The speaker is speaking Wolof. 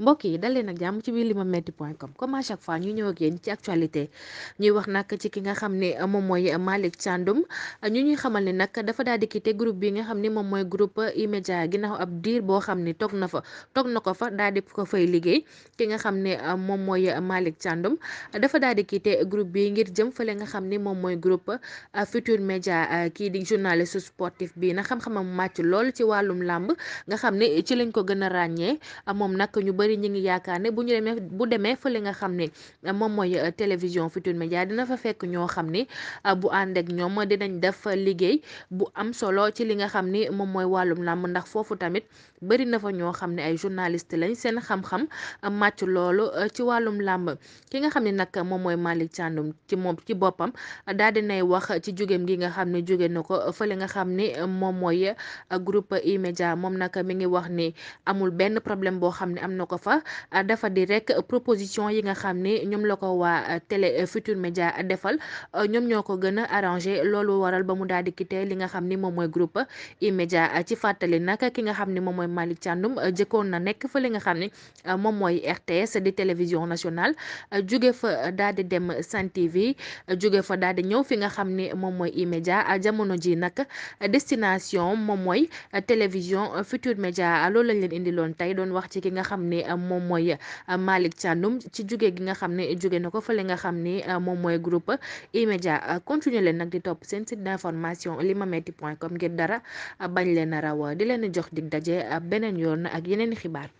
mbokk yi dal leen ak jàmm ci biir limametti.com comme à chaque fois ñu ñëw ak ci actualité ñuy wax nag ci ki nga xam ne moom mooy Malick Thiandoum ñu ñuy xamal ne nag dafa daal di quitté groupe bi nga xam ne moom mooy groupe E-Media ab diir boo xam ne toog na fa toog na ko fa daal di ko fay liggéey ki nga xam ne ah, moom mooy Malick Thiandoum dafa daal di quitté groupe bi ngir jëm fële nga xam ne moom mooy groupe ah, Futur Media ah, kii di journaliste sportif bi na xam-xamam màcc lool ci wàllum làmb nga xam ne ci lañ ko gën a ràññee moom nag ñu bëri bëri ngi yaakaar ne bu ñu mee bu demee fële nga xam ne euh, moom mooy euh, télévision future Médias dina fa fekk ñoo xam ni euh, bu ànd ak ñoom dinañ def liggéey bu am solo ci li nga xam ni moom mooy wàllum làmb ndax foofu tamit bëri na fa ñoo xam ne ay journaliste lañ seen xam-xam màcc loolu ci wàllum làmb ki nga xam ni nag moom mooy Malick Thiandoum ci moom ci boppam daal nay wax ci jógeem gi nga xam ne jóge na ko fële nga xam ni moom mooy groupe E-Media moom nag mi ngi wax ni amul benn foofa dafa di rek proposition yi nga xam ne ñoom la ko waa télé Futur Média defal ñoom ñoo ko gën a arrangé loolu waral ba mu daal di quitté li nga xam ni moom mooy groupe E-Media ci fàttali nag ki nga xam ni moom mooy Malick Thiandoum jëkkoon na nekk fa li nga xam ni moom mooy RTS di télévision nationale jóge fa daal di dem Sen TV jóge fa daal di ñëw fi nga xam ni moom mooy E-Media ji nag destination moom télévision Futur Média loolu lañ leen indiloon tey doon wax moom mooy euh, Malick Thiandoum ci jóge gi nga xam ne jóge na ko fa fële nga xam ni euh, moom mooy groupe E-Media euh, continuer leen nag di topp seen site d'information limametti point comme ngir dara bañ leen a di leen jox dig daje beneen yoon ak yeneen xibaar